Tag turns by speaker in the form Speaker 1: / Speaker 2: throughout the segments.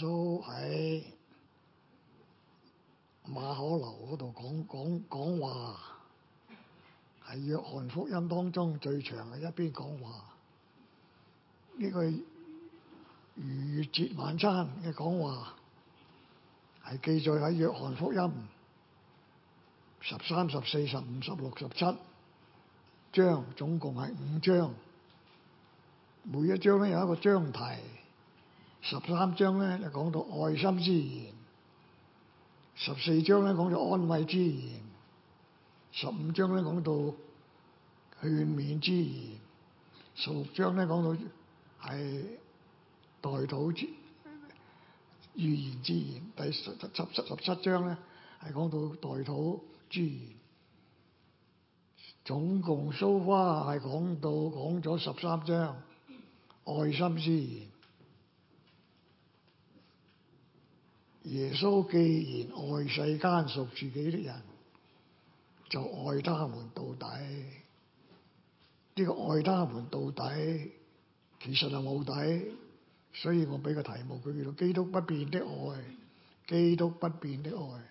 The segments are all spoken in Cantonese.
Speaker 1: 都喺馬可樓度講講講話，係約翰福音當中最長嘅一篇講話，呢、這個逾越節晚餐嘅講話係記載喺約翰福音十三、十四、十五、十六、十七章，總共係五章，每一章咧有一個章題。十三章咧就講到愛心之言，十四章咧講到安慰之言，十五章咧講到勸勉之言，十六章咧講到係代禱之預言之言，第十七章咧係講到代禱之言。總共蘇花係講到講咗十三章，愛心之言。耶穌既然愛世間屬自己的人，就愛他們到底。呢個愛他們到底，其實係冇底，所以我俾個題目，佢叫做《基督不變的愛》。基督不變的愛，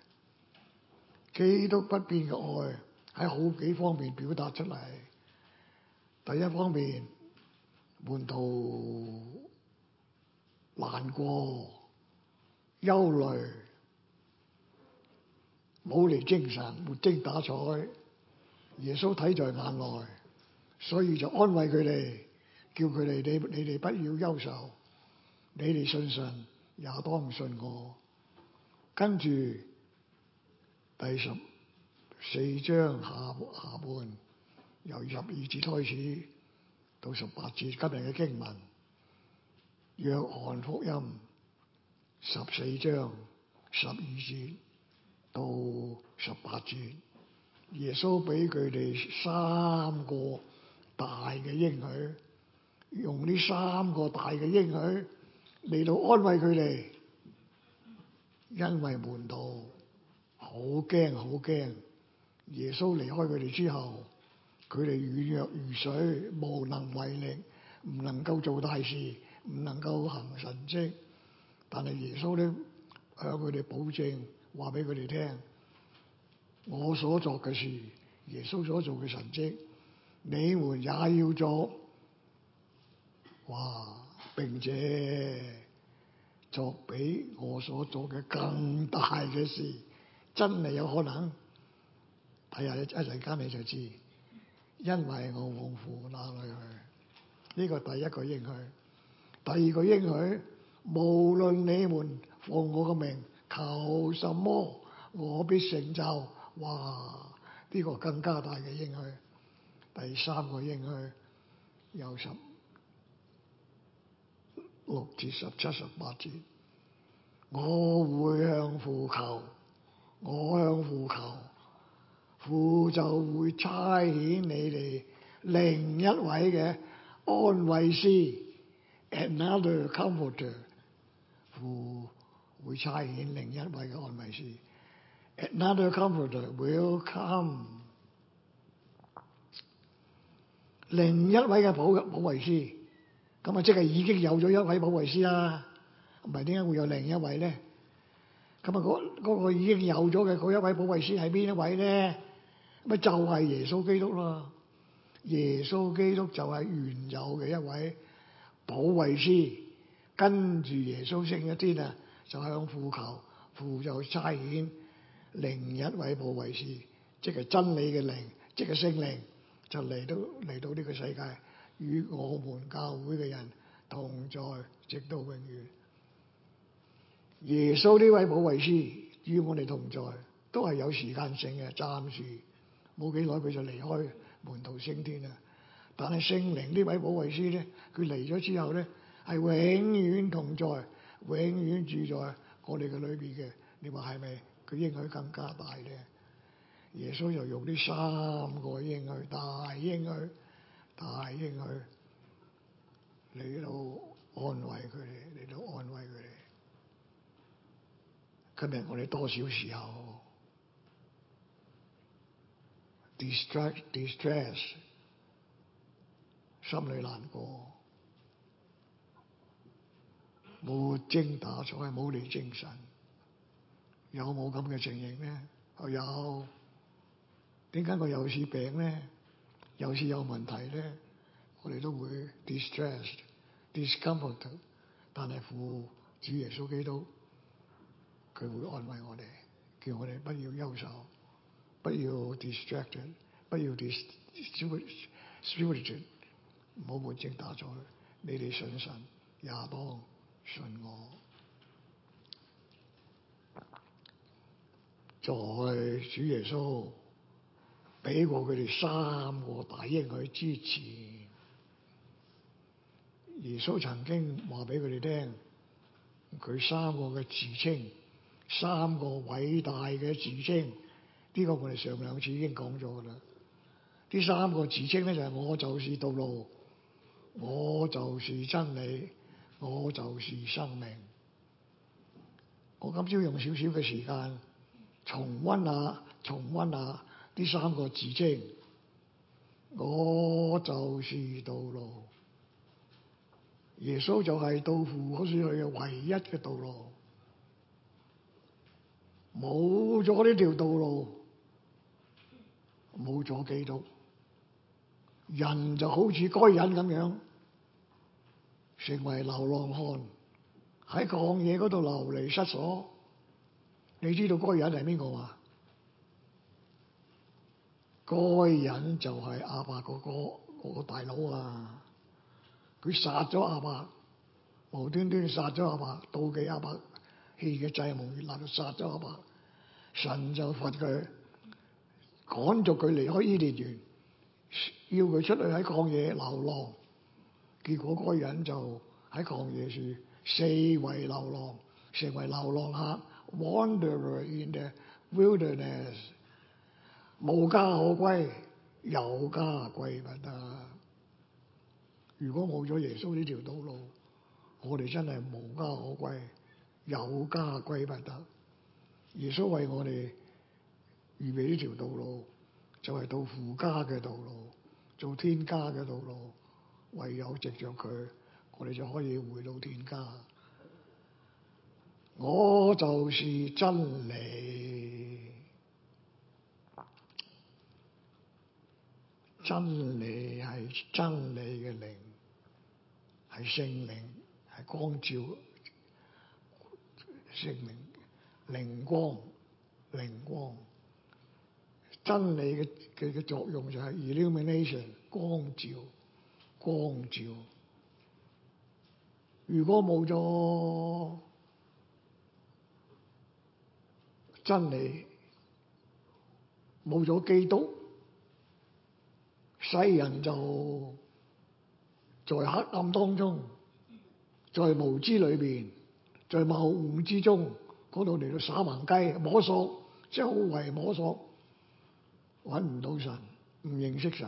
Speaker 1: 基督不變嘅愛喺好幾方面表達出嚟。第一方面，門徒難過。憂慮，冇嚟精神，沒精打采。耶穌睇在眼內，所以就安慰佢哋，叫佢哋你你哋不要憂愁，你哋信神也當信我。跟住第十四章下下半，由十二節開始到十八節今日嘅經文，約翰福音。十四章十二節到十八節，耶穌俾佢哋三個大嘅應許，用呢三個大嘅應許嚟到安慰佢哋，因為門徒好驚好驚，耶穌離開佢哋之後，佢哋軟弱如水，無能為力，唔能夠做大事，唔能夠行神蹟。但係耶穌呢向佢哋保證，話俾佢哋聽：我所作嘅事，耶穌所做嘅神蹟，你們也要做。哇！並且作比我所做嘅更大嘅事，真係有可能。睇下一陣間你就知，因為我往父那裏去，呢個第一個應許，第二個應許。無論你們奉我嘅名求什麼，我必成就。哇！呢、這個更加大嘅應許，第三個應許有十六至十七、十八節，我會向父求，我向父求，父就會差遣你哋另一位嘅安慰師 Another comforter。會差遣另一位嘅安慰師，Another Comforter will come。另一位嘅保保惠師，咁啊即係已經有咗一位保惠師啦，唔係點解會有另一位咧？咁啊嗰嗰個已經有咗嘅一位保惠師係邊一位咧？咁啊就係耶穌基督咯，耶穌基督就係原有嘅一位保惠師。跟住耶穌升一天升咗天啊，就向父求，父就差遣另一位保惠師，即係真理嘅靈，即係聖靈，就嚟到嚟到呢個世界，與我們教會嘅人同在，直到永遠。耶穌呢位保惠師與我哋同在，都係有時間性嘅，暫時冇幾耐佢就離開門徒升天啦。但係聖靈呢位保惠師咧，佢嚟咗之後咧。係永遠同在，永遠住在我哋嘅裏邊嘅。你話係咪？佢應許更加大咧。耶穌又用呢三個應許，大應許，大應許，嚟到安慰佢哋，嚟到安慰佢哋。今日我哋多少時候 distract，distress 心裏難過？無精打采，冇你精神，有冇咁嘅情形咧、哦？有。點解我有次病咧，有次有問題咧，我哋都會 distressed，discomfort，但係父主耶穌基督，佢會安慰我哋，叫我哋不要憂愁，不要 distracted，不要 distracted，冇無精打采，你哋信神也幫。信我，在主耶穌俾過佢哋三個大應許支持。耶穌曾經話俾佢哋聽，佢三個嘅自稱，三個偉大嘅自稱，呢、這個我哋上兩次已經講咗噶啦。呢三個自稱咧就係我就是道路，我就是真理。我就是生命。我今朝用少少嘅時間重溫下，重溫下呢三個字經。我就是道路。耶穌就係到父嗰處去嘅唯一嘅道路。冇咗呢條道路，冇咗基督，人就好似該隱咁樣。成為流浪漢，喺曠野嗰度流離失所，你知道嗰個人係邊個啊？嗰個人就係亞伯嗰個個大佬啊！佢殺咗亞伯，無端端殺咗亞伯，妒忌亞伯，氣嘅嫉妒心，立殺咗亞伯。神就罰佢趕逐佢離開伊甸園，要佢出去喺曠野流浪。結果嗰個人就喺曠野處四圍流浪，成為流浪客，wanderer in the wilderness，無家可歸，有家歸不得。如果冇咗耶穌呢條道路，我哋真係無家可歸，有家歸不得。耶穌為我哋預備呢條道路，就係到父家嘅道路，做天家嘅道路。唯有藉著佢，我哋就可以回到天家。我就是真理，真理係真理嘅靈，係聖靈，係光照，聖靈靈光，靈光。真理嘅佢嘅作用就係 illumination，光照。光照，如果冇咗真理，冇咗基督，世人就，在黑暗當中，在無知裏邊，在謬誤之中，嗰度嚟到耍橫雞，摸索周圍摸索，搵唔到神，唔認識神。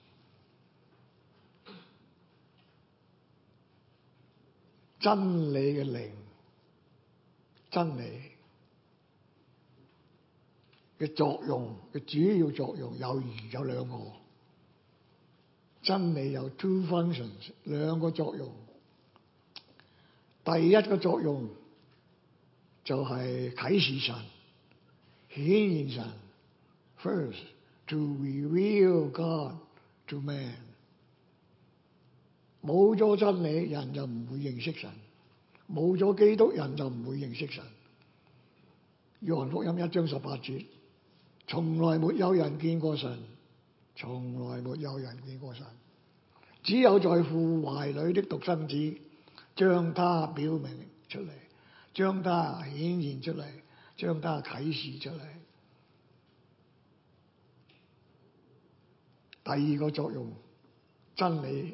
Speaker 1: 真理嘅靈，真理嘅作用嘅主要作用有而有兩個，真理有 two functions 兩個作用。第一個作用就係啟示神，顯現神。First to reveal God to man. 冇咗真理，人就唔會認識神；冇咗基督人，人就唔會認識神。約翰福音一章十八節：從來沒有人見過神，從來沒有人見過神，只有在父懷裏的獨生子，將他表明出嚟，將他顯現出嚟，將他啟示出嚟。第二個作用，真理。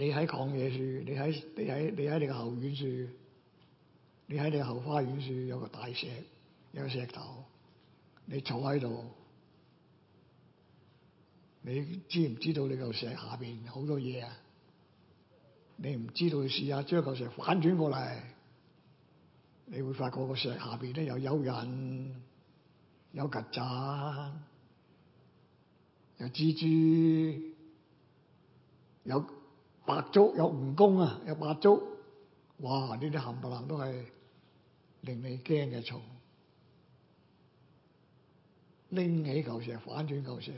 Speaker 1: 你喺曠野處，你喺你喺你喺你嘅後院處，你喺你後花園處，有個大石，有個石頭，你坐喺度，你知唔知道你嚿石下邊好多嘢啊？你唔知道，你試下將嚿石反轉過嚟，你會發覺個石下邊咧有蚯蚓、有曱甴、有蜘蛛、有。白足有蜈蚣啊，有白足，哇！呢啲冚唪唥都係令你驚嘅蟲。拎起嚿石，反轉嚿石，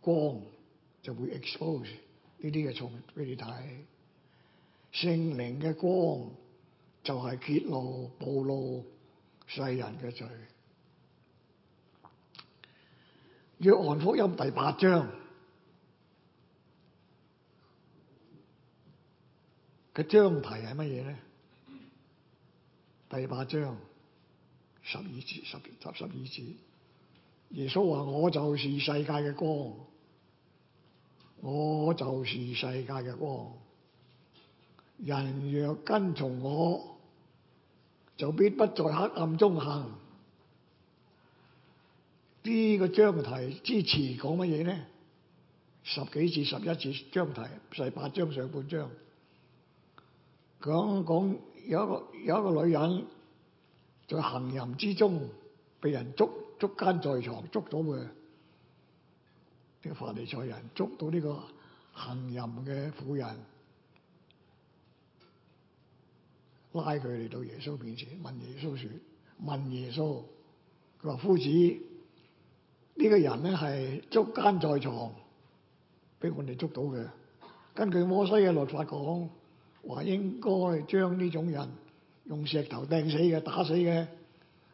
Speaker 1: 光就會 expose 呢啲嘅蟲俾你睇。聖靈嘅光就係揭露、暴露世人嘅罪。約翰福音第八章。個章題係乜嘢咧？第八章十二節十集，十二節，耶穌話：我就是世界嘅光，我就是世界嘅光。人若跟從我，就必不在黑暗中行。呢、這個章題之前講乜嘢咧？十幾至十一節章題，十八章上半章。講講，有一個有一個女人在行淫之中，被人捉捉奸在床，捉到嘅。呢個法利賽人捉到呢個行淫嘅婦人，拉佢嚟到耶穌面前，問耶穌說：，問耶穌，佢話：，夫子，呢個人呢係捉奸在床，俾我哋捉到嘅，根據摩西嘅律法講。話應該將呢種人用石頭掟死嘅，打死嘅，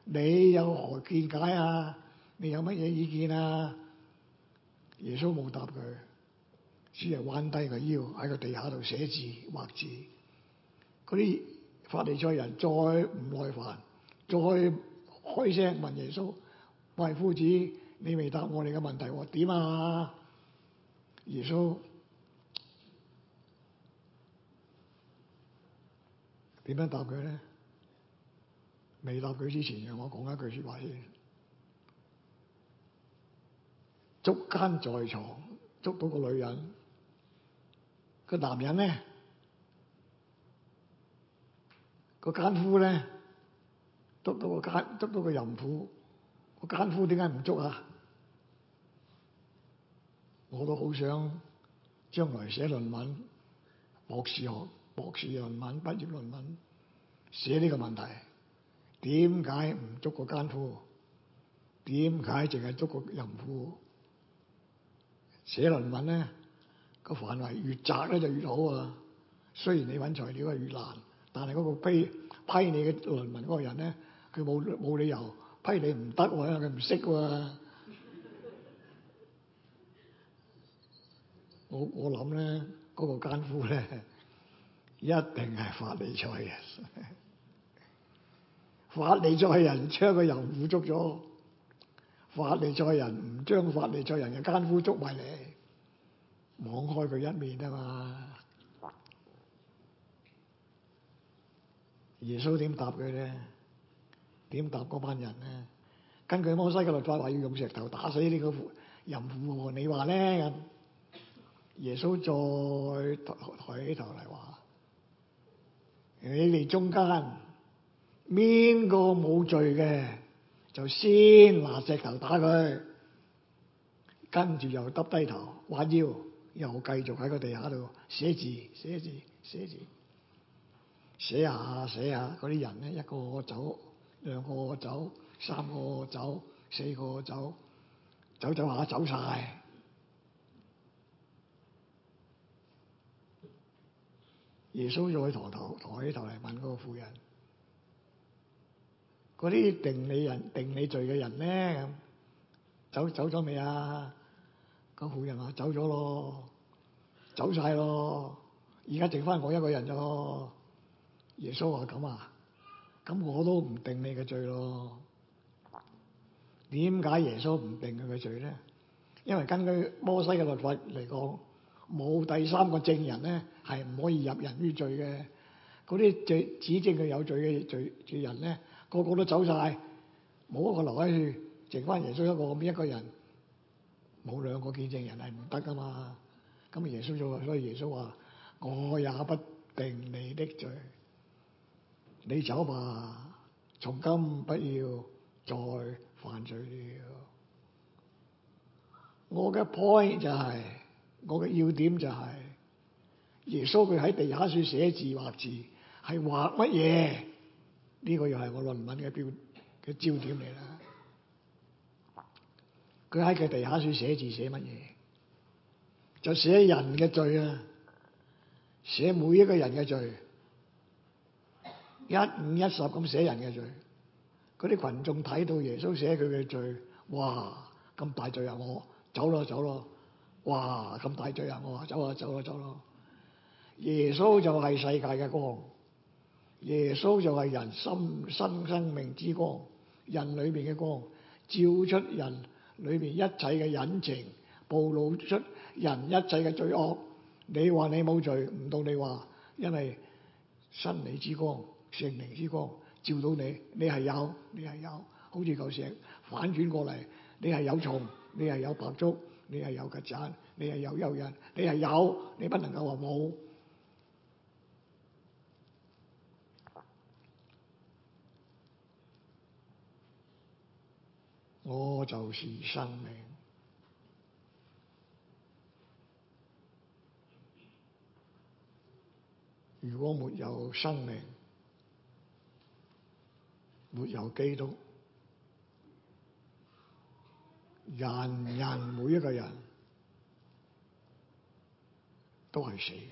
Speaker 1: 你有何見解啊？你有乜嘢意見啊？耶穌冇答佢，只係彎低個腰喺個地下度寫字畫字。嗰啲法利賽人再唔耐煩，再開聲問耶穌，喂，夫子，你未答我哋嘅問題，喎，點啊？耶穌。點樣答佢咧？未答佢之前，讓我講一句說話先。捉奸在床，捉到個女人，個男人咧，個奸夫咧，捉到個奸夫，捉到個淫婦，個奸夫點解唔捉啊？我都好想將來寫論文，博士學。博士論文、畢業論文寫呢個問題，點解唔捉個奸夫？點解淨係捉個淫婦？寫論文咧個範圍越窄咧就越好啊！雖然你揾材料係越難，但係嗰個批批你嘅論文嗰個人咧，佢冇冇理由批你唔得、啊，因為佢唔識㗎。我我諗咧，嗰、嗰個奸夫咧。一定係法利賽嘅， 法利賽人將佢淫婦捉咗，法利賽人唔將法利賽人嘅奸夫捉埋嚟，網開佢一面啊嘛！ 耶穌點答佢咧？點答班人咧？根據摩西嘅律法話要用石頭打死呢個淫婦，你話咧？耶穌再抬起頭嚟話。你哋中間邊個冇罪嘅，就先拿石頭打佢，跟住又耷低頭彎腰，又繼續喺個地下度寫字寫字寫字，寫字寫字寫下寫下嗰啲人咧，一個走，兩個走，三個走，四個走，走走下走晒。走耶穌再抬頭抬起頭嚟問嗰個婦人：「嗰啲定你人定你罪嘅人呢？走走咗未啊？個婦人話：走咗咯，走晒咯，而家剩翻我一個人就。耶穌話：咁啊，咁我都唔定你嘅罪咯。點解耶穌唔定佢嘅罪呢？因為根據摩西嘅律法嚟講，冇第三個證人呢。係唔可以入人於罪嘅，啲指指證佢有罪嘅罪罪人咧，個個都走晒，冇一個留喺度，剩翻耶穌一個咁一個人，冇兩個見證人係唔得噶嘛。咁啊，耶穌就話，所以耶穌話：我也不定你的罪，你走吧，從今不要再犯罪了。我嘅 point 就係，我嘅要點就係。耶穌佢喺地下書寫字畫字，係畫乜嘢？呢個又係我論文嘅標嘅焦點嚟啦。佢喺佢地下書寫字寫乜嘢？就寫人嘅罪啊！寫每一個人嘅罪，一五一十咁寫人嘅罪。嗰啲群眾睇到耶穌寫佢嘅罪，哇！咁大罪啊！我走咯走咯！哇！咁大罪啊！我啊走啊走啊走咯！走咯走咯走咯。耶穌就係世界嘅光，耶穌就係人心生生命之光，人裡面嘅光，照出人裡面一切嘅隱情，暴露出人一切嘅罪惡。你話你冇罪，唔到你話，因為真理之光、聖靈之光照到你，你係有，你係有，好似舊石反轉過嚟，你係有蟲，你係有白粥，你係有曱甴，你係有蚯蚓，你係有，你不能夠話冇。我就是生命。如果沒有生命，沒有基督，人人每一個人都係死嘅，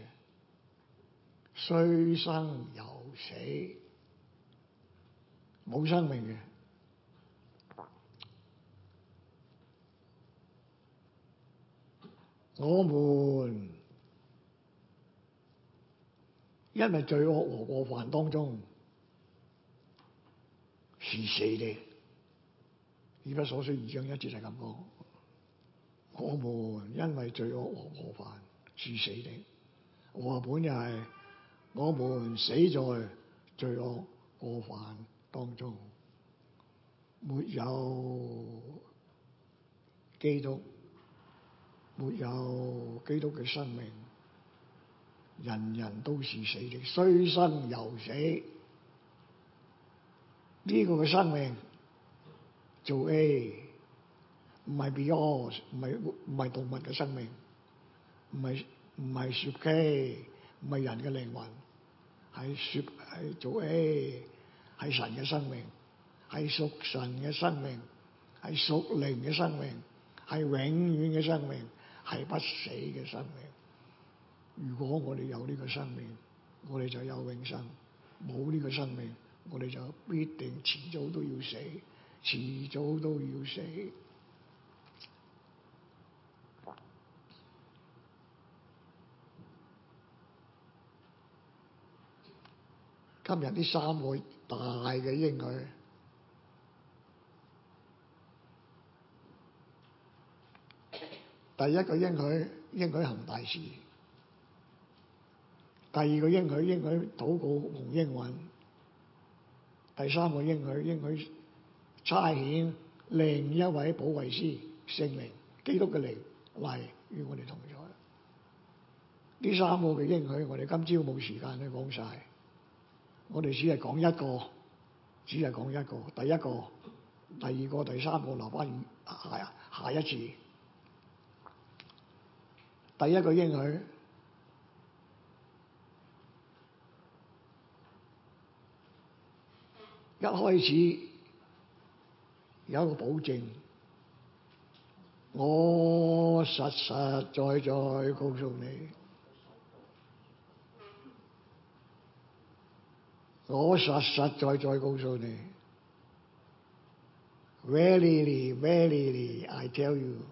Speaker 1: 雖生猶死，冇生命嘅。我們因為罪惡和過犯當中，是死的，以弗所書二章一節就咁講。我們因為罪惡和過犯，是死的。我本人、就是，我們死在罪惡過犯當中，沒有基督。沒有基督嘅生命，人人都是死的，雖生猶死。呢、這個嘅生命，做 A 唔係 bios，唔係唔係動物嘅生命，唔係唔係雪 K，唔係人嘅靈魂，係屬係做 A，係神嘅生命，係屬神嘅生命，係屬靈嘅生命，係永遠嘅生命。係不死嘅生命。如果我哋有呢個生命，我哋就有永生；冇呢個生命，我哋就必定遲早都要死，遲早都要死。今日呢三個大嘅應許。第一個應許，應許行大事；第二個應許，應許禱告蒙應允；第三個應許，應許差遣另一位保惠師，聖靈，基督嘅靈嚟與我哋同在。呢三個嘅應許，我哋今朝冇時間去講晒，我哋只係講一個，只係講一個。第一個、第二個、第三個，留翻下下一次。第一個應許，一開始有一個保證，我實實在在，在告訴你，我實實在在，在告訴你 ，really, really, I tell you。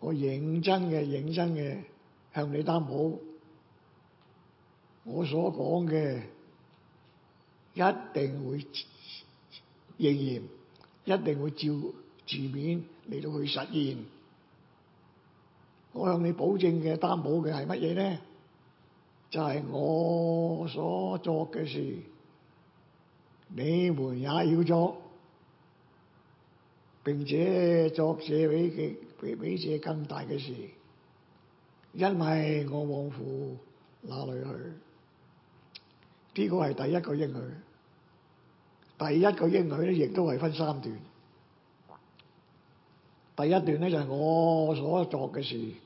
Speaker 1: 我認真嘅，認真嘅向你擔保，我所講嘅一定會應驗，一定會照字面嚟到去實現。我向你保證嘅擔保嘅係乜嘢咧？就係、是、我所作嘅事，你們也要作，並且作舍尾嘅。比比這更大嘅事，因為我往父那裏去。呢、這個係第一個應許，第一個應許咧，亦都係分三段。第一段咧就係我所作嘅事，你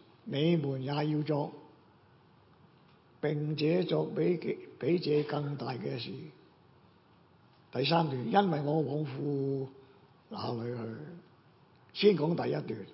Speaker 1: 們也要作，並且作比比這更大嘅事。第三段，因為我往父那裏去。先講第一段。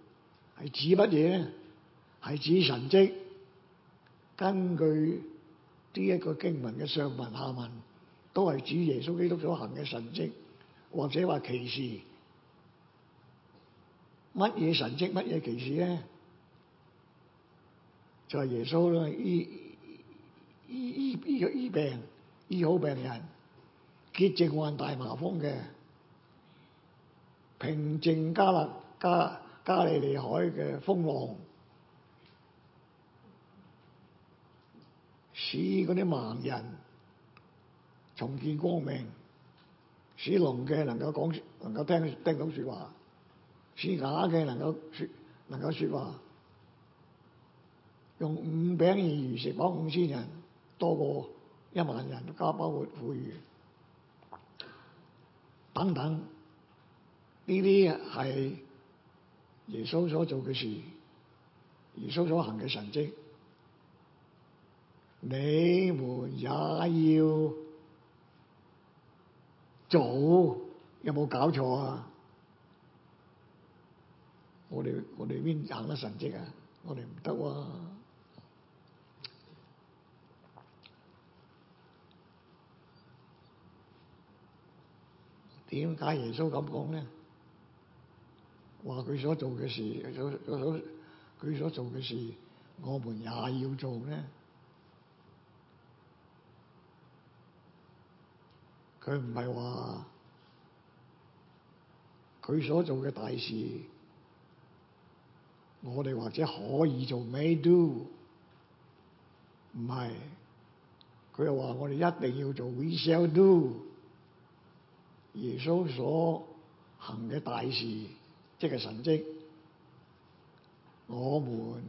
Speaker 1: 係指乜嘢咧？係指神蹟，根據呢一個經文嘅上文下文，都係指耶穌基督所行嘅神蹟，或者話奇事。乜嘢神蹟？乜嘢奇事咧？就係、是、耶穌醫醫醫醫病，醫好病人，潔淨患大麻風嘅，平靜加勒加，加利利海嘅風浪，使嗰啲盲人重見光明；使聾嘅能夠講，能夠聽聽到說話；使啞嘅能夠說能夠說話。用五餅二魚食飽五千人，多過一萬人加包括婦孺等等，呢啲係。耶穌所做嘅事，耶穌所行嘅神蹟，你們也要做，有冇搞錯啊？我哋我哋邊行得神蹟啊？我哋唔得啊！點解耶穌咁講咧？話佢所做嘅事，佢所，所做嘅事，我們也要做呢？佢唔係話佢所做嘅大事，我哋或者可以做，may do。唔係，佢又話我哋一定要做，we shall do。耶穌所行嘅大事。即係神跡，我們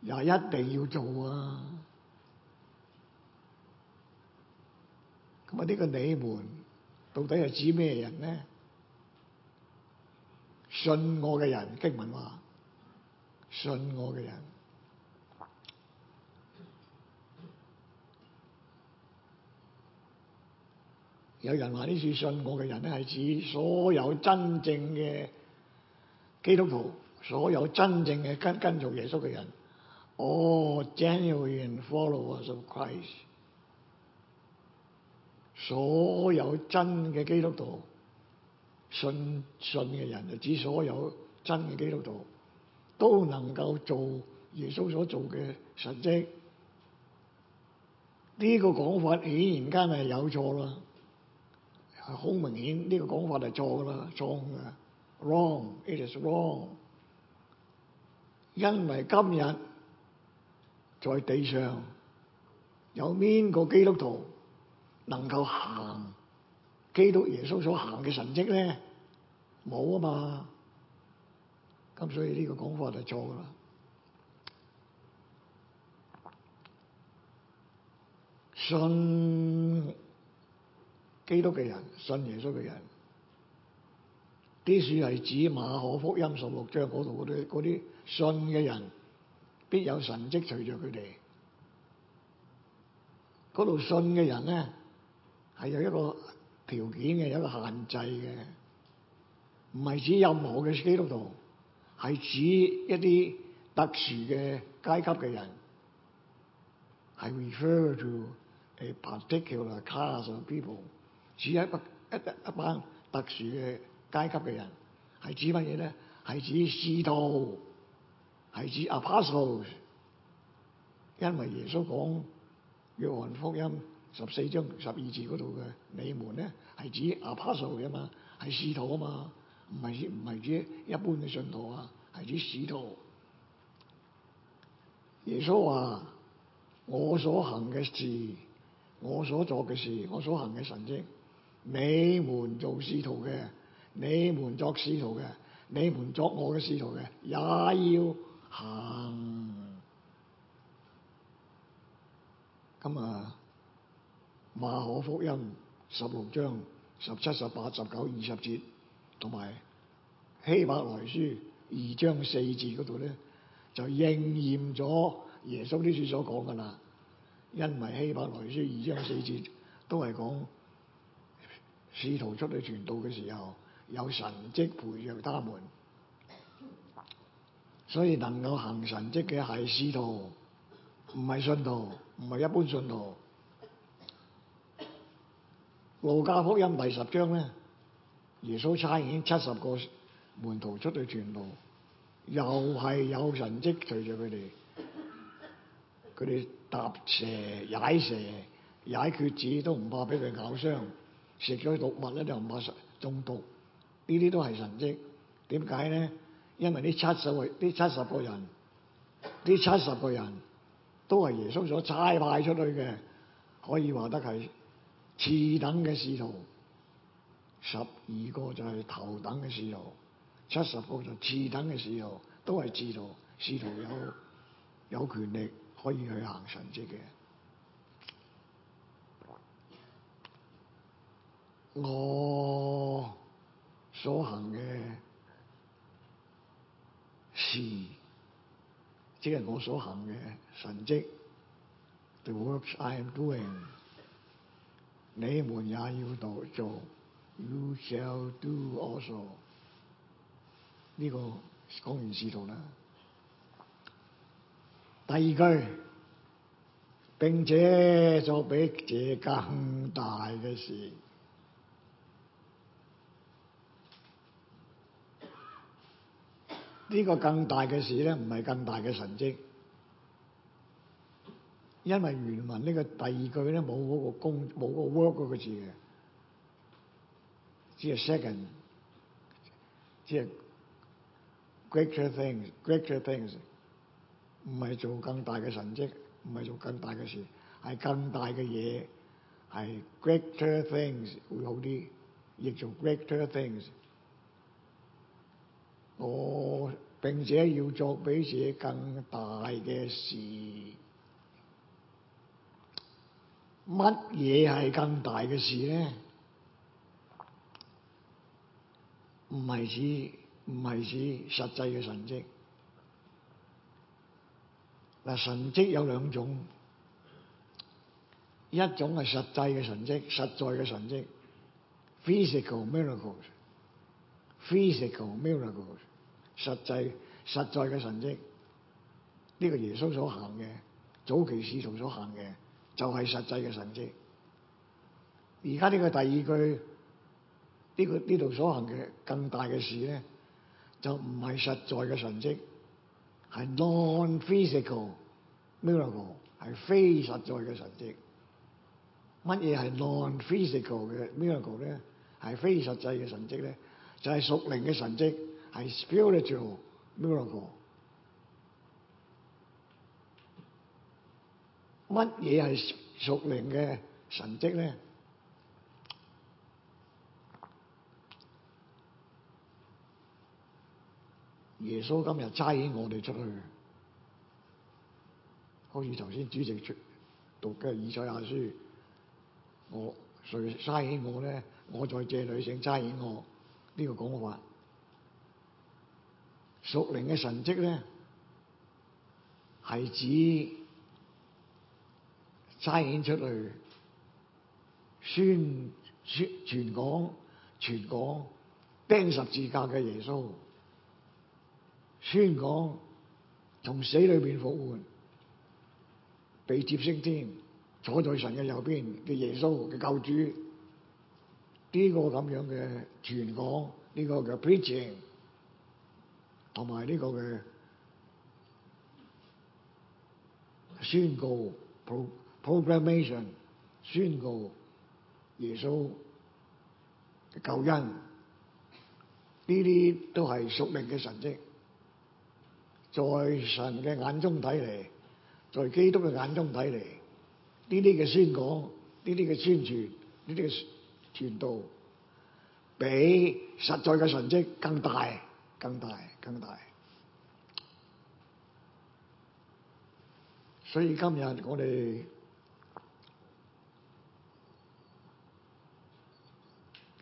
Speaker 1: 也一定要做啊！咁啊，呢個你們到底係指咩人呢？信我嘅人，經文話：信我嘅人。有人話呢次「信我嘅人」呢，係指所有真正嘅。基督徒所有真正嘅跟跟從耶穌嘅人，哦 genuine followers of Christ，所有真嘅基督徒信信嘅人，就指所有真嘅基督徒都能夠做耶穌所做嘅神迹，呢個講法顯然間係有錯啦，係好明顯呢個講法係錯噶啦，錯噶。wrong，it is wrong。因為今日在地上有邊個基督徒能夠行基督耶穌所行嘅神蹟咧？冇啊嘛。咁所以呢個講法就錯噶啦。信基督嘅人，信耶穌嘅人。啲書係指馬可福音十六章嗰度嗰啲啲信嘅人，必有神蹟隨著佢哋。嗰度信嘅人咧係有一個條件嘅，有一個限制嘅，唔係指任何嘅基督徒，係指一啲特殊嘅階級嘅人，係 refer to 係 particular class of people，指一班一,一,一班特殊嘅。階級嘅人係指乜嘢咧？係指使徒，係指 apostles。因為耶穌講《約翰福音》十四章十二節嗰度嘅，你們咧係指 apostles 嘅嘛，係使徒啊嘛，唔係唔係指一般嘅信徒啊，係指使徒。耶穌話：我所行嘅事，我所做嘅事，我所行嘅神蹟，你們做使徒嘅。你們作使徒嘅，你們作我嘅使徒嘅，也要行。咁啊，馬可福音十六章十七、十八、十九、二十節同埋希伯來書二章四節度咧，就應驗咗耶穌呢處所講嘅啦。因為希伯來書二章四節都係講使徒出去傳道嘅時候。有神蹟陪著佢哋，所以能夠行神蹟嘅係使徒，唔係信徒，唔係一般信徒。路加福音第十章咧，耶穌差遣七十個門徒出去傳道，又係有神蹟隨住佢哋，佢哋踏蛇、踩蛇、踩蠍子都唔怕俾佢咬傷，食咗毒物咧又唔怕中毒。呢啲都係神蹟，點解咧？因為呢七十位，呢七十個人，呢七十個人，都係耶穌所差派出去嘅，可以話得係次等嘅使徒。十二個就係頭等嘅使徒，七十個就次等嘅使徒，都係使徒，使徒有有權力可以去行神蹟嘅。我。所行嘅事，即、就、係、是、我所行嘅神蹟，The works I am doing，你們也要做，You shall do also、這個。呢個講完知道啦。第二句，並且做比這更大嘅事。呢個更大嘅事咧，唔係更大嘅神蹟，因為原文呢個第二句咧冇嗰個工，冇嗰個 work 嗰個字嘅，只係 second，只係 greater things，greater things，唔係做更大嘅神蹟，唔係做更大嘅事，係更大嘅嘢，係 greater things 會好啲亦做 greater things。我、哦、並且要做比自己更大嘅事，乜嘢係更大嘅事咧？唔係指唔係指實際嘅神蹟。嗱，神蹟有兩種，一種係實際嘅神蹟，實在嘅神蹟，physical miracles。Physical miracle，實際實在嘅神蹟呢、這個耶穌所行嘅，早期使徒所行嘅，就係、是、實際嘅神蹟。而家呢個第二句，呢、這個呢度所行嘅更大嘅事咧，就唔係實在嘅神蹟，係 non physical miracle，係非實在嘅神蹟。乜嘢係 non physical 嘅 miracle 咧？係非實際嘅神蹟咧？就係屬靈嘅神跡，係 spiritual miracle，乜嘢係屬靈嘅神跡咧？耶穌今日差遣我哋出去，好似頭先主席出讀嘅《以賽亞書》我，我誰差遣我咧？我再借女性差遣我。呢個講法，屬靈嘅神蹟呢，係指差遣出去宣宣傳講、傳講釘十字架嘅耶穌，宣講從死裏面復活，被接升天，坐在神嘅右邊嘅耶穌嘅救主。呢個咁樣嘅傳講，呢、這個叫 preaching，同埋呢個嘅宣告，proclamation 宣告耶穌救恩，呢啲都係屬靈嘅神蹟，在神嘅眼中睇嚟，在基督嘅眼中睇嚟，呢啲嘅宣講，呢啲嘅宣傳，呢啲嘅。傳道比實在嘅神蹟更大、更大、更大。所以今日我哋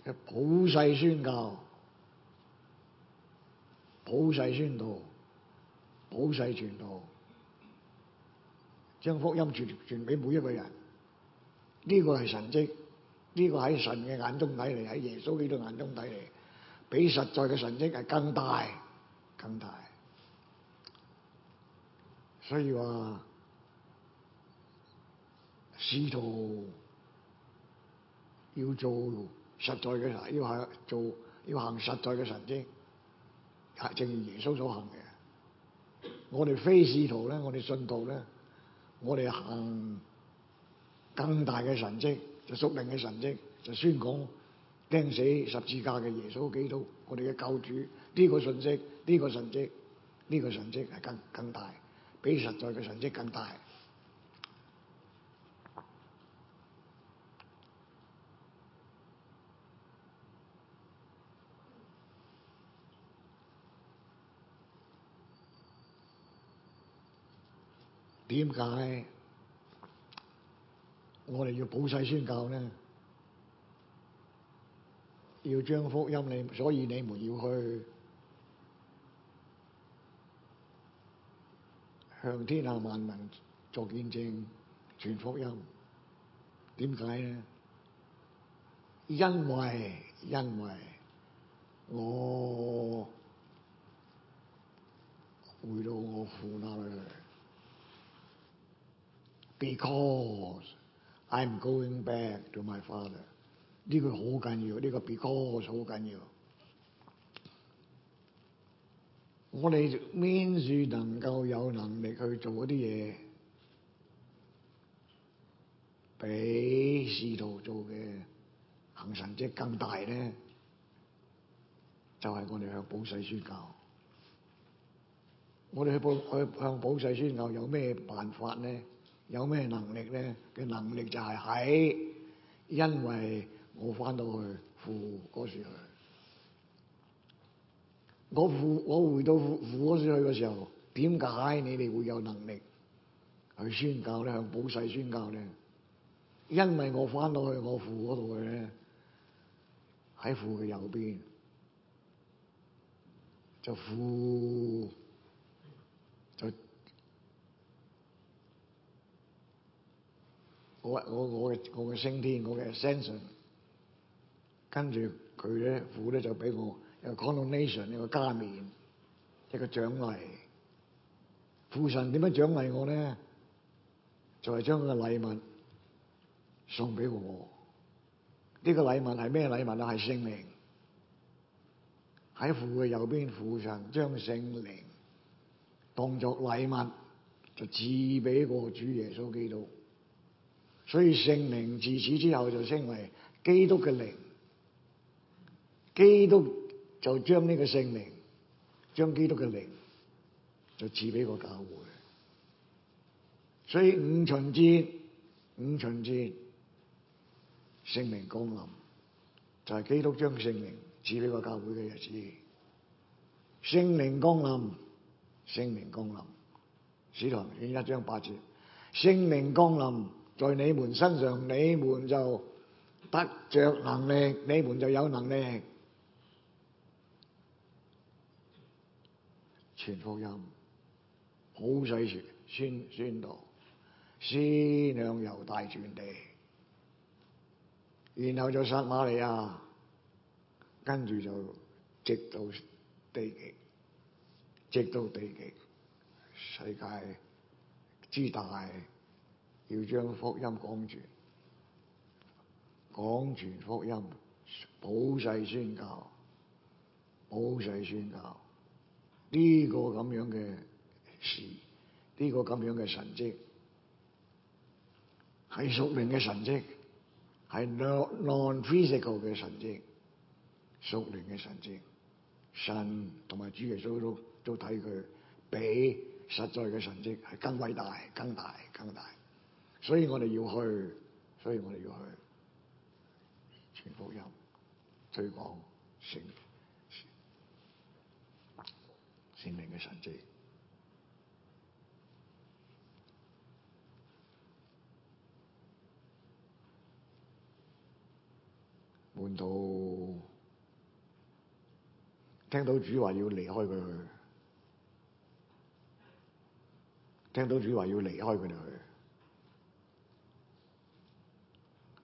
Speaker 1: 嘅普世宣教、普世宣道、普世傳道，將福音傳傳俾每一個人，呢個係神蹟。呢個喺神嘅眼中睇嚟，喺耶穌呢度眼中睇嚟，比實在嘅神蹟係更大、更大。所以話，使徒要做實在嘅，要行做要行實在嘅神蹟，係正如耶穌所行嘅。我哋非使徒咧，我哋信徒咧，我哋行更大嘅神蹟。就宿命嘅神蹟，就宣講釘死十字架嘅耶穌基督，我哋嘅救主，呢、這個信息，呢、這個神蹟，呢、這個神蹟係更更大，比實在嘅神蹟更大。點解？我哋要普世宣教咧，要將福音你，所以你們要去向天下萬民作見證，傳福音。點解咧？因為，因為我回到我父那裏去，because。I'm going back to my father，呢個好緊要，呢、這個 because 好緊要。我哋邊處能夠有能力去做嗰啲嘢，比使徒做嘅行神跡更大呢就係、是、我哋向普世宣教。我哋去，去向普世宣教有咩辦法呢？有咩能力咧？嘅能力就係喺，因為我返到去父嗰時去，我父我回到父父嗰時去嘅時候，點解你哋會有能力去宣教咧？向普世宣教咧？因為我返到去我父嗰度嘅咧，喺父嘅右邊，就父。我我我嘅我嘅升天，我嘅 ascension，跟住佢咧父咧就俾我一個 coronation，一個加冕，一個獎勵。父神點樣獎勵我咧？就係、是、將禮、這個禮物送俾我。呢個禮物係咩禮物啊？係聖靈。喺父嘅右邊，父神將聖靈當作禮物，就賜俾個主耶穌基督。所以聖靈自此之後就稱為基督嘅靈，基督就將呢個聖靈，將基督嘅靈就賜俾個教會。所以五旬節，五旬節，聖靈降臨就係、是、基督將聖靈賜俾個教會嘅日子。聖靈降臨，聖靈降臨，使徒行傳一章八節，聖靈降臨。在你們身上，你們就得着能力，你們就有能力傳福音。好水泉，宣宣道，師娘由大傳地，然後就撒馬利亞，跟住就直到地極，直到地極，世界之大。要將福音廣傳，廣傳福音，普世宣教，普世宣教，呢、這個咁樣嘅事，呢、這個咁樣嘅神蹟，係屬靈嘅神蹟，係 non-physical 嘅神蹟，屬靈嘅神蹟，神同埋主耶穌都都睇佢比實在嘅神蹟係更偉大、更大、更大。所以我哋要去，所以我哋要去傳福音、推廣、成、成名嘅神旨。門徒聽到主話要離開佢去，聽到主話要離開佢哋去。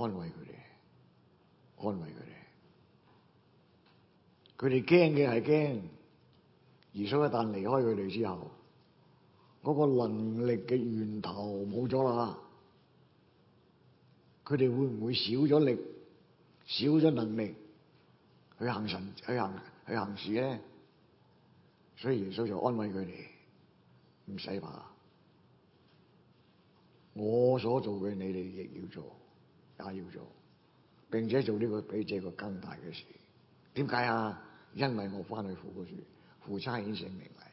Speaker 1: 安慰佢哋，安慰佢哋。佢哋驚嘅係驚，耶穌一旦離開佢哋之後，嗰個能力嘅源頭冇咗啦。佢哋會唔會少咗力，少咗能力去行神，去行去行事咧？所以耶穌就安慰佢哋：唔使怕，我所做嘅你哋亦要做。也要做，並且做呢、這個比這個更大嘅事。點解啊？因為我翻去父住，父差遣聖靈嚟。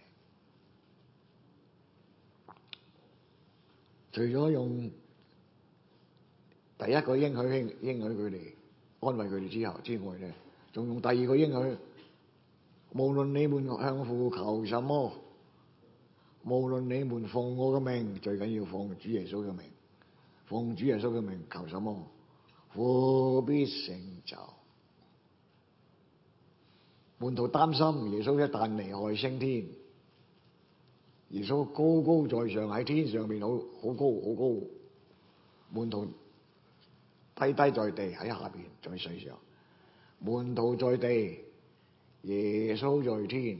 Speaker 1: 除咗用第一個應許應應許佢哋安慰佢哋之後之外咧，仲用第二個應許。無論你們向父求什麼，無論你們奉我嘅名，最緊要奉主耶穌嘅名，奉主耶穌嘅名求什麼？何必成就？門徒擔心耶穌一旦離開升天，耶穌高高在上喺天上邊好好高好高，門徒低低在地喺下邊在水上，門徒在地，耶穌在天，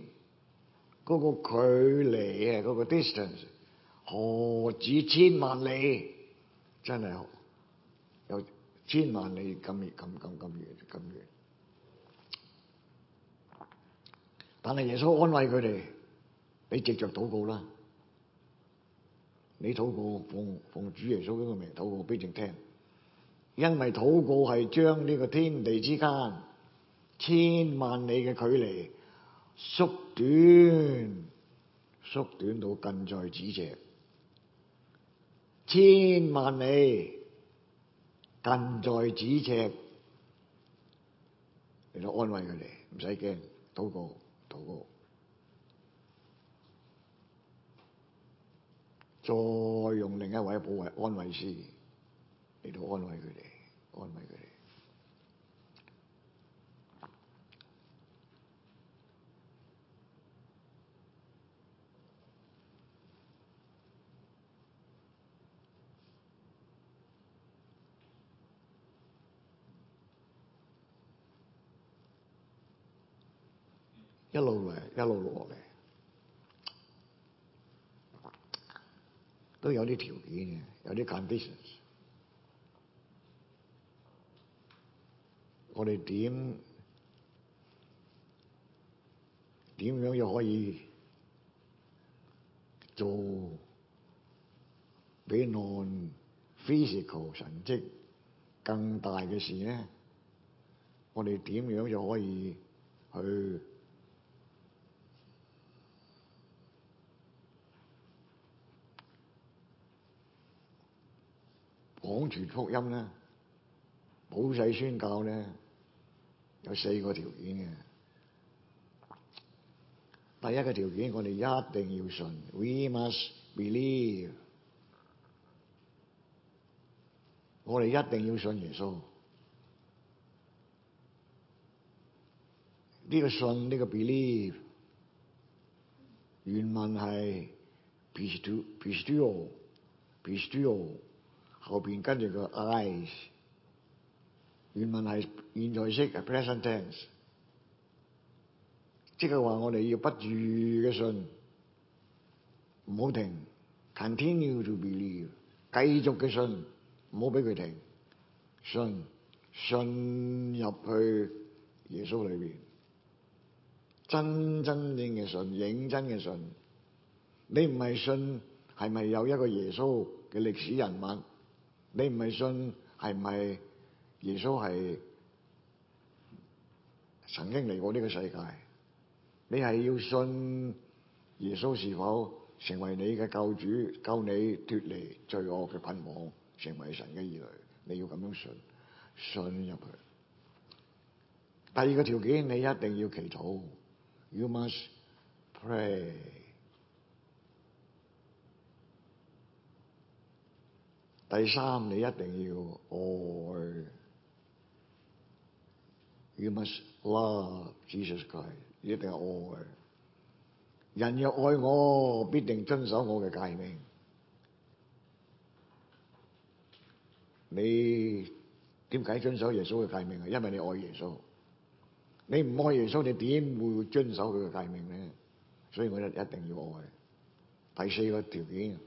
Speaker 1: 嗰個距離啊，嗰個 distance 何止千萬里？真係。千萬里咁遠咁咁咁遠咁遠，但係耶穌安慰佢哋，你藉着禱告啦，你禱告奉奉主耶穌嘅名禱告俾淨聽，因為禱告係將呢個天地之間千萬里嘅距離縮短，縮短到近在咫尺，千萬里。近在咫尺，嚟到安慰佢哋，唔使驚，禱告，禱告，再用另一位保惠安慰師嚟到安慰佢哋，安慰佢哋。一路嚟，一路落嚟，都有啲條件嘅，有啲 conditions。我哋點點樣又可以做比 non-physical 神蹟更大嘅事咧？我哋點樣又可以去？講廣傳福音咧，普世宣教咧，有四個條件嘅。第一個條件，我哋一定要信，We must believe。我哋一定要信耶穌。呢、這個信呢、這個 believe，原文係 pistu pistu pistu。後邊跟住個 rise，原文係現在式 a present tense，即係話我哋要不住嘅信，唔好停，continue to believe，繼續嘅信，唔好俾佢停，信信入去耶穌裏邊，真真正嘅信，認真嘅信，你唔係信係咪有一個耶穌嘅歷史人物？你唔係信係唔係耶穌係曾經嚟過呢個世界，你係要信耶穌是否成為你嘅救主，救你脫離罪惡嘅捆綁，成為神嘅兒女，你要咁樣信，信入去。第二個條件，你一定要祈禱，You must pray。第三，你一定要愛，You must love Jesus Christ，一定要愛。人若愛我，必定遵守我嘅誡命。你點解遵守耶穌嘅誡命啊？因為你愛耶穌。你唔愛耶穌，你點會遵守佢嘅誡命咧？所以我哋一定要愛。第四個條件。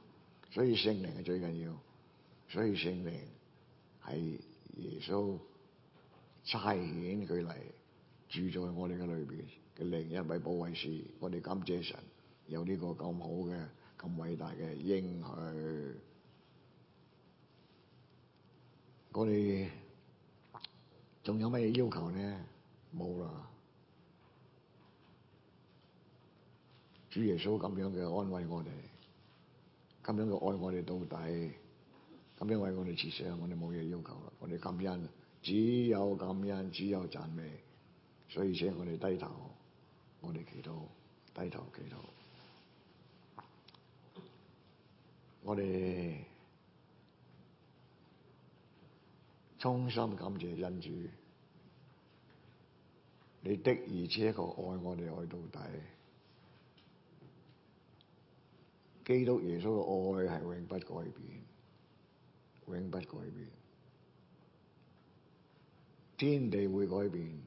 Speaker 1: 所以聖靈係最緊要，所以聖靈係耶穌差遣佢嚟住在我哋嘅裏邊嘅另一位保惠師。我哋感謝神有呢個咁好嘅，咁偉大嘅應許。我哋仲有乜嘢要求呢？冇啦。主耶穌咁樣嘅安慰我哋。咁樣佢愛我哋到底，咁樣為我哋設想，我哋冇嘢要求啦，我哋感恩，只有感恩，只有讚美，所以請我哋低頭，我哋祈禱，低頭祈禱，我哋衷心感謝恩主，你的而且確愛我哋愛到底。基督耶穌嘅愛係永不改變，永不改變。天地會改變，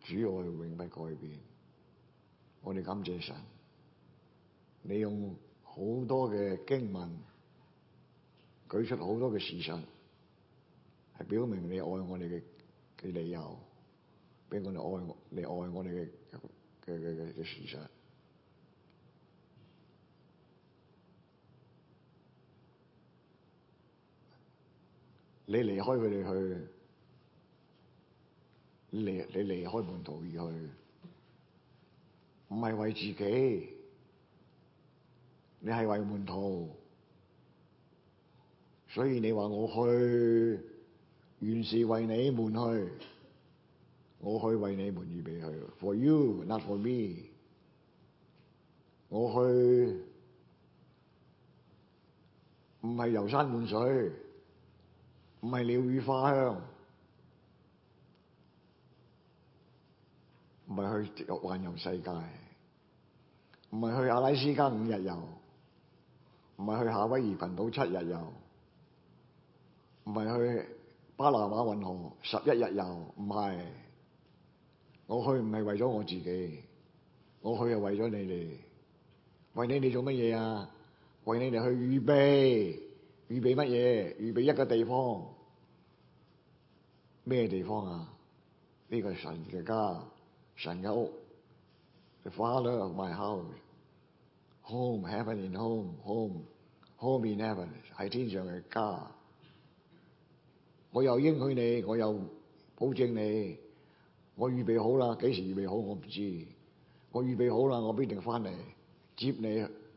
Speaker 1: 主愛永不改變。我哋感謝神，你用好多嘅經文，舉出好多嘅事實，係表明你愛我哋嘅嘅理由，俾我哋愛我，你愛我哋嘅嘅嘅嘅嘅事實。你離開佢哋去，你離你離開門徒而去，唔係為自己，你係為門徒，所以你話，我去，原是為你們去，我去為你們預備去，for you, not for me，我去唔係遊山玩水。唔係鳥語花香，唔係去環遊世界，唔係去阿拉斯加五日遊，唔係去夏威夷群島七日遊，唔係去巴拿馬運河十一日遊，唔係。我去唔係為咗我自己，我去係為咗你哋。為你哋做乜嘢啊？為你哋去預備。預備乜嘢？預備一個地方，咩地方啊？呢個神嘅家，神嘅屋，The Father of my house，Home heaven and home，home home in heaven。喺天上嘅家，我又應許你，我又保證你，我預備好啦，幾時預備好我唔知，我預備好啦，我必定翻嚟接你去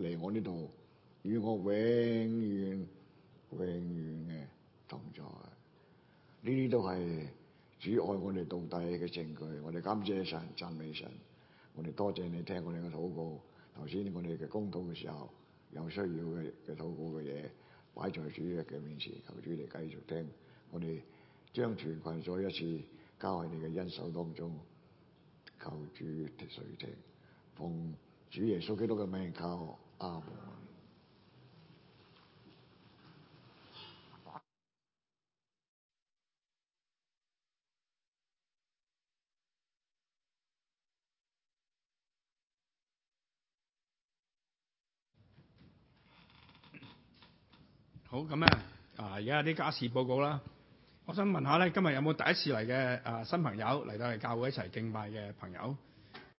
Speaker 1: 嚟我呢度。與我永遠、永遠嘅同在，呢啲都係主愛我哋到底嘅證據。我哋感謝神，讚美神，我哋多謝你聽我哋嘅禱告。頭先我哋嘅公禱嘅時候，有需要嘅嘅禱告嘅嘢擺在主耶穌嘅面前，求主嚟繼續聽。我哋將全群再一次交喺你嘅恩手當中，求主聽誰聽，奉主耶穌基督嘅名靠，靠阿門。好咁咧，啊而家有啲家事報告啦。我想問下咧，今日有冇第一次嚟嘅啊新朋友嚟到嚟教會一齊敬拜嘅朋友？